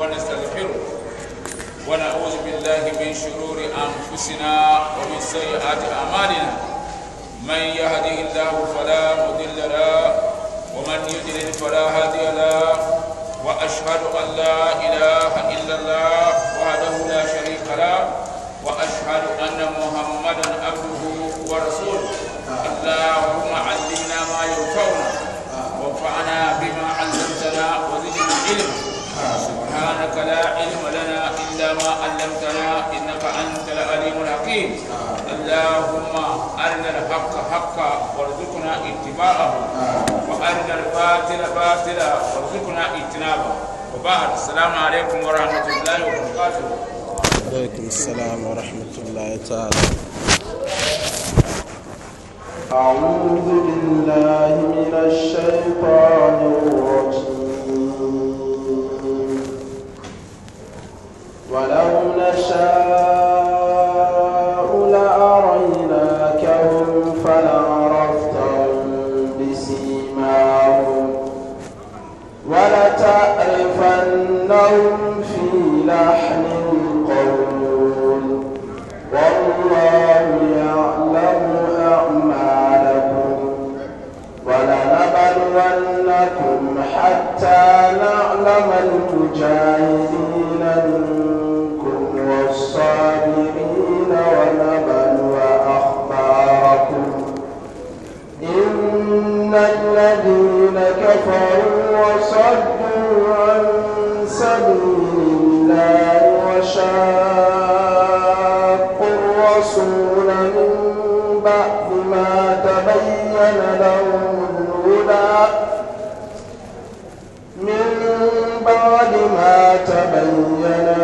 ونستغفره ونعوذ بالله من شرور أنفسنا ومن سيئات أعمالنا من يهده الله فلا مضل له ومن يضلل فلا هادي له وأشهد أن لا إله إلا الله وحده لا شريك له وأشهد أن محمدا عبده ورسوله اللهم علمنا ما ينفعنا وانفعنا بما علمنا ما علمتنا إنك أنت العليم الحكيم اللهم أرنا الحق حقا وارزقنا اتباعه وأرنا الباطل باطلا وارزقنا اجتنابه وبعد السلام عليكم ورحمة الله وبركاته وعليكم السلام ورحمة الله تعالى أعوذ بالله من الشيطان الرجيم لكن حتى نعلم المجاهدين منكم والصابرين ونبلو أخباركم إن الذين كفروا وصدوا عن سبيل الله وشاقوا الرسول من بعد ما تبين لهم الهدى تبين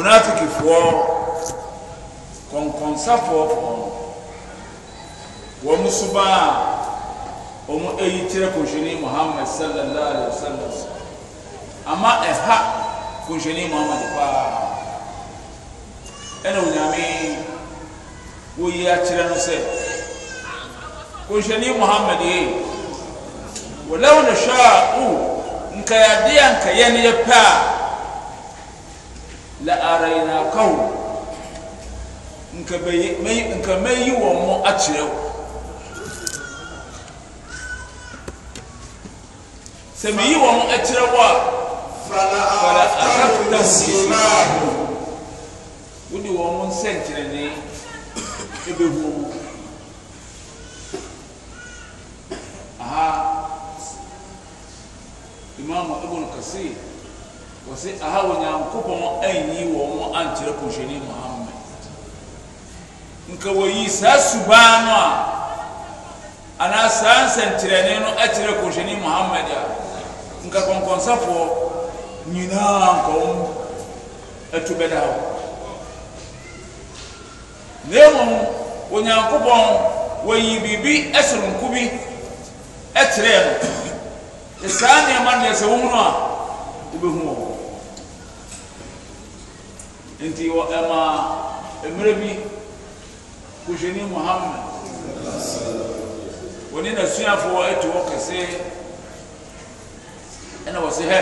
munafikifoɔ kɔnkɔnsafoɔ foɔ no wɔn so ba a wɔn ayi kyerɛ kɔnhyɛni muhammad sallallahu alaihi wa sallam ama ɛha kɔnhyɛni muhammad paa ɛna onyame woyi akyerɛ no sɛ kɔnhyɛni muhammad yi wɔlɛw no hwɛ a o nkayadeɛ a nkayɛ no yɛ pɛ a la'arainakahu nka mɛyi wɔn mo akyerɛ wo sɛ meyi wɔn mo akyerɛ wo a fala asaftahu wode wɔn mo nsɛnkyerɛnne ɛbɛhu aha imam ibn kasir wɔsi aha wɔ nyankopɔn anyi wɔn ankyerɛ kɔhwɛni muhammed nka wɔyi saa subaa no a anaa saa nsɛnkyerɛni no akyerɛ kɔhwɛni muhammed a nka kɔnkɔnsafoɔ nyinaa nkɔn atu bɛda hɔ na mmom wɔ nyankopɔn wɔyi biribi ɛsoronko bi ɛkyerɛ no saa nneɛma no deɛ sɛ wɔn mu no a wɔbɛhu wɔn nti wɔ ɛma mmerɛ bi kuhyɛni muhammad wɔne n'asuafoɔ atu hɔ kɛse ɛna wɔ se hɛ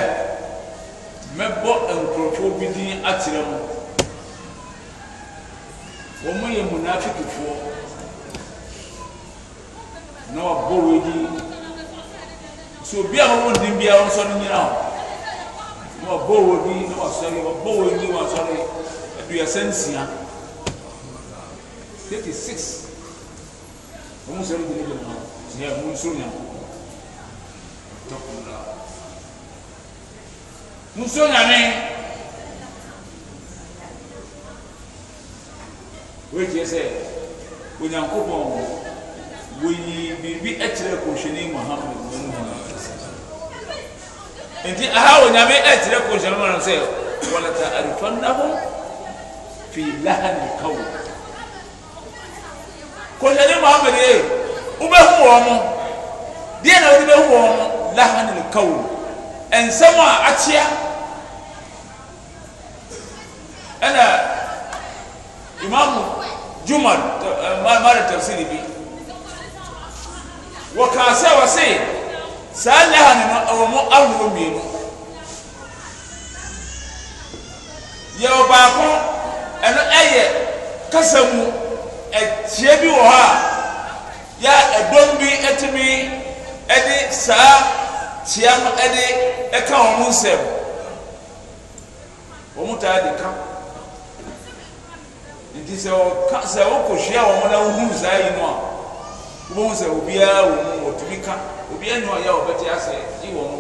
mɛbɔ nkurɔfoɔ bi din akyerɛ mu wɔn yɛ munafikifoɔ na wɔabɔ wɔn din so obi a wɔn din biara wɔn nso no nyina wɔabɔ wɔn din na wɔasɔre wɔabɔ wɔn din wɔasɔre aduasa nsia thirty six wɔn sɛ ɛmu gyina hɔ sɛ ɛmu nso nyako tɔkura nso nyame wɔrekyerɛ sɛ onyankopɔn wɔyi biribi akyerɛ kɔhwɛni muhammed wɔn mu nti aha wɔ nyame akyerɛ kɔhwɛni muhammed sɛ wɔlata arifanna ho fi lahani kaw kɔnjani muhammed ye u bɛ hu wɔn mo deɛ na wɔde bɛ hu wɔn mo lahani kaw nsɛm a akyea ɛna imaamu juma mara tafsiri bi wɔkaa sɛ wɔse saa lahani no ɛwɔ mo ahodoɔ mmienu yɛwɔ baako ɛno ɛyɛ kasa mu ɛtie bi wɔ hɔ a yɛ ɛdɔm bi ɛtumi ɛde saa tia no ɛde ɛka wɔn nsɛm wɔn taa de ka nti sɛ ɔka sɛ ɔkɔhyia wɔn na wohu saa yi no a wobɛhu sɛ obiara wɔ mu wɔtumi ka obiara nyɛ ɔyɛ ɔbɛte asɛ gye wɔn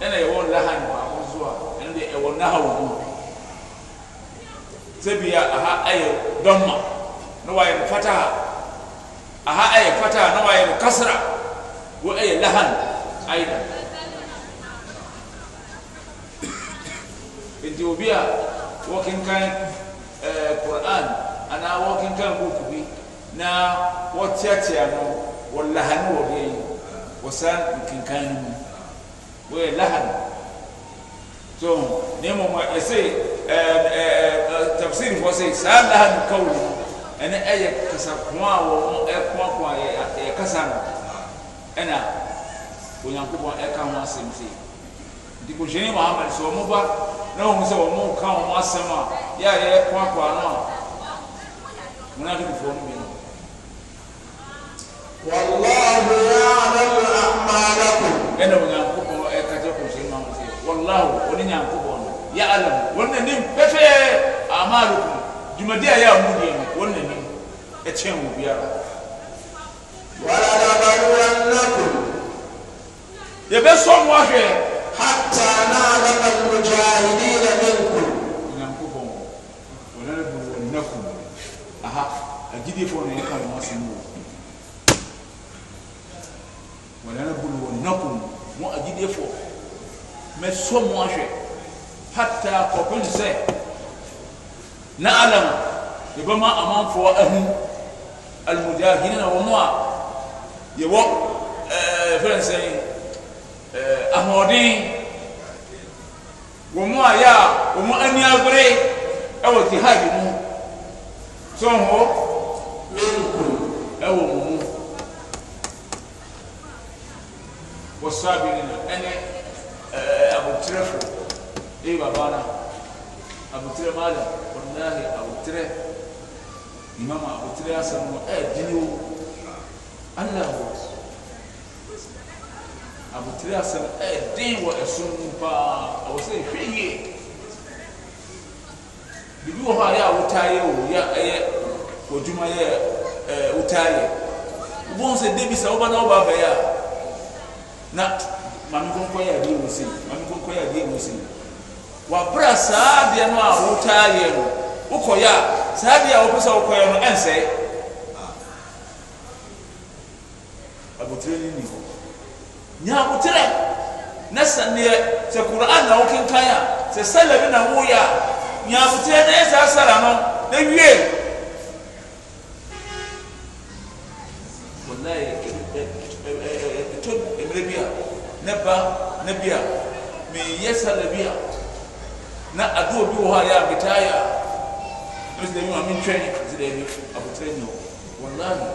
ɛna ɛwɔ nlaha no a wɔn a ɛno deɛ ɛwɔ nlaha wɔ mu. sabiya aha aye domma no waye fataha aha aye fataha no waye kasra wa aye lahan aida ethiopia working kind uh, quran ana working kind book bi na watiatia no walahanu wa bi wasan kinkan we lahan so nemo ma ese eh eh tafsir fɔ sɛ saa lahadu kawli ɛne ɛyɛ kasa kɔn a wɔn ɛkɔnkɔn a yɛ kasa no ɛna onyankopɔn ɛka ho asɛm sɛ nti kɔhyɛni muhammad sɛ wɔn ba na wɔn sɛ wɔn ka wɔn asɛm a yɛ a yɛ kɔnkɔn ano a wɔn aketefoɔ no bi no. والله يعلم أعمالكم أنا ونعقوبون أكتر كل شيء ما نسيه والله ونعقوبون يعلم وننم بفيه amalukum dwumadi a ɛyɛ a mu deɛ no wɔn n'anim ɛkyɛn wɔ biara. walabaluwannakum. yɛbɛsɔ mo ahwɛ. hatta na'lama al-mujahidina minkum. nyankopɔn walabaluwannakum aha agyidifoɔ na yɛka wɔn asɛm wɔ walabaluwannakum mo agyidifoɔ mɛsɔ mo ahwɛ hatta kɔpem sɛ na'lam yɛbɛma amanfoɔ ahu almujahidin na wɔn a yɛwɔ ɛɛ fɛn sɛn ɛɛ ahoɔden wɔn a yɛ a wɔn ani abere ɛwɔ jihadi mu sɔn hɔ ɛwɔ wɔn mu wɔsaabirin ɛne ɛɛ abotire ɛyɛ baba na abotire maa da lillahi awotire imam awotire asɛm no eh, ɛɛdini o allah wɔ awotire asɛm ɛɛdin wɔ ɛsom mu paa ɛwɔ sɛ ehwɛ yie bibi wɔ hɔ a yɛ awotaayɛ o yɛ ɛyɛ wɔdwuma yɛ ɛɛ wotaayɛ wɔn sɛ debi sɛ wɔba na wɔba abɛyɛ a na maame kɔnkɔ yɛ adeɛ wɔ se maame kɔnkɔ yɛ adeɛ wɔ se wabra saa adeɛ no a wotaayɛ no. wokɔyɛa saadiɛ wok sɛ wokyɛ no ɛnsɛ abotɛ ah. ini nyaaboterɛ nɛ sɛneɛ sɛ kora annawo kenkan a sɛ salabi nawoo yɛa nyaaboterɛ na yɛ sa sara no na wiet birɛ bia nɛ ba na bia miyɛ salabi a na adoɔ bi wɔ hɔayabitaaɛ ɔsi dɛbi maame ntwɛn ɔsi dɛbi abotire nyɛ o wɔlaano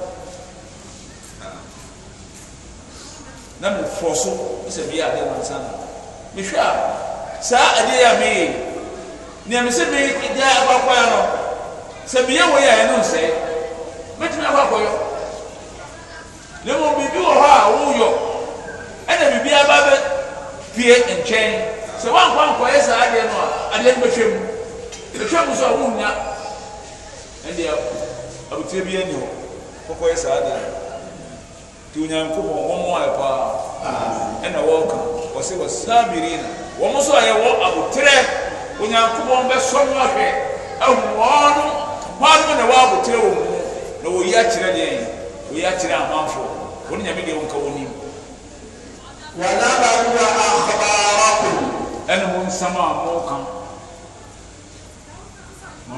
na mi fɔ so ɛsɛ bi a bɛ ma nsa na mi hwɛ a saa adeɛ yɛ a mi yɛ nea mi sɛ mi gya akɔ akɔ yɛ no sɛ mi yɛ wɔ yɛ a yɛ no nsɛ mɛtumi akɔ akɔ yɔ na mmom biribi wɔ hɔ a wɔyɔ ɛna biribi aba bɛ pie nkyɛn sɛ wɔn akɔ akɔ yɛ saa adeɛ no a adeɛ no bɛ twɛ mu bɛ twɛ mu so a wɔn nyina. nabutrɛ bian hɔ kɔkɔɛ sadɛ ti oyankbɔ wmɔaɛ aa ɛnɛ w ka ɔ sɛ wa sabiin ɔ mu sɔ ayɛ w abʋterɛ oankbɔ bɛ sɔ no akɛ an nmanɛ wa abʋterɛ wm n woyakyeɛdɛ ayɛ amaf n nyame dɛ wk n ɛnm na am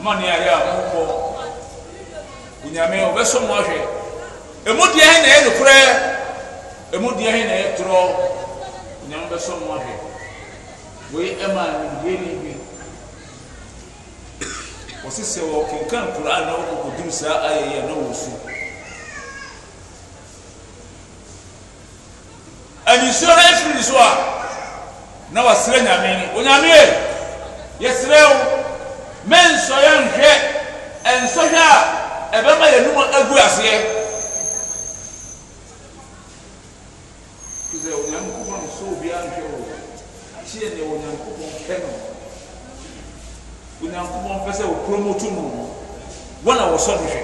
kaanayɛ onyame ɔbɛsɔ mo ahwɛ emu deɛ hɛn na ɛyɛ nokorɛ emu deɛ hɛn na ɛyɛ torɔ onyame bɛsɔ mo ahwɛ wei ɛma nimdeɛ ne bi wɔsi sɛ wɔkenkan koraa na wɔkɔkɔduru saa ayɛyɛ na wɔ so anyinsuo no afiri ne so a na wasrɛ nyame onyame yɛsrɛ wo mɛnsɔyɛ nhwɛ ɛnsɔhwɛ a ɛbɛma yɛn num agu aseɛ sɛ onyankopɔn nso obiara nhwɛ wɔ kyeɛ neɛ onyankopɔn pɛ no onyankopɔn pɛ sɛ wɔkurom otum no wɔn a wɔsɔ no hwɛ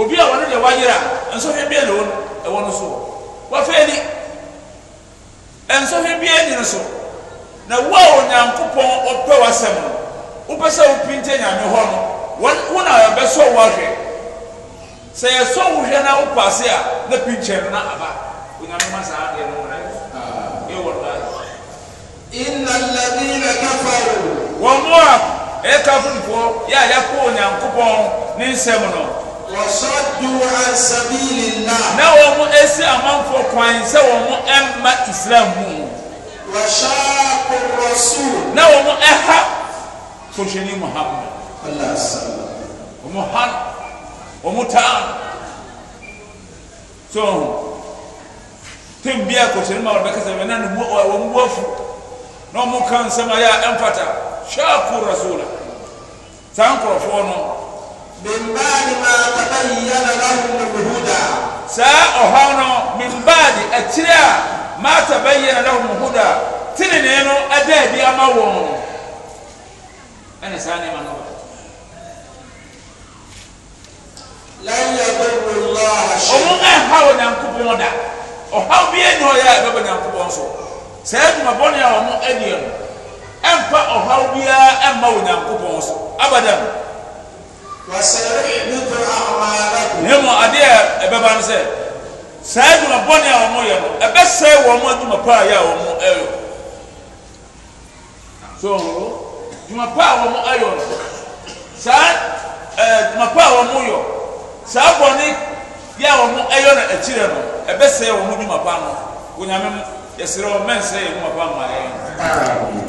obi a wɔn deɛ wayera nsɔhwɛ bia na ɛwɔ no so wɔfɛ ani nsɔhwɛ bia ani no so na wo a onyankopɔn ɔpɛ w'asɛm no wopɛ sɛ wopinte nyame hɔ no wọn na yɛbɛsɔ wo ahwɛ sɛ yɛsɔ wo hwɛ na wo paase a na pinkyɛn no na aba onyame ma saa adeɛ no mmerɛ ah. yɛ wɔ la inna alladhina kafaru wɔn mo a ɛyɛ kafirifoɔ yɛ a yɛkɔ onyankopɔn ne nsɛm no wɔsɔdu an sabilillah na wɔn mo esi amanfoɔ kwan sɛ wɔn mo ɛmma islam mu wɔhyɛ akɔrɔ su na wɔn mo ɛha kɔhwɛ ni muhammad الله السلام ومحر ومتعب تون تنبيا كوشن ما ودك سمعنا ومبوفو نوم كان سمع يا أنفتا شاكو رسولا تانكر فونو من بعد ما تبين لهم الهدى سا من بعد أتريا ما تبين لهم الهدى تنينو أدابي أما وونو أنا ساني ما نوبة ɔmo ɛha wɔ nyankopɔn da ɔhaw biara ni ɔyɛ a ɛbɛbɔ nyankopɔn so sɛ ɛdwuma bɔne a ɔmo ɛdeɛ no ɛmfa ɔhaw biara ɛmma wɔ nyankopɔn so abadam na mu adeɛ a ɛbɛba no sɛ saa adwuma bɔne a ɔmo yɛ no ɛbɛsɛe wɔn mo adwuma pa a yɛ a ɔmo so adwuma pa a ɔmo ɛyɛ no saa ɛɛ adwuma pa a ɔmo saa bɔne yɛ a wɔn ɛyɛ no akyire no ɛbɛsɛɛ wɔn ho dwuma pa no yɛsrɛ wɔn mɛnsɛɛ yɛn dwuma pa ma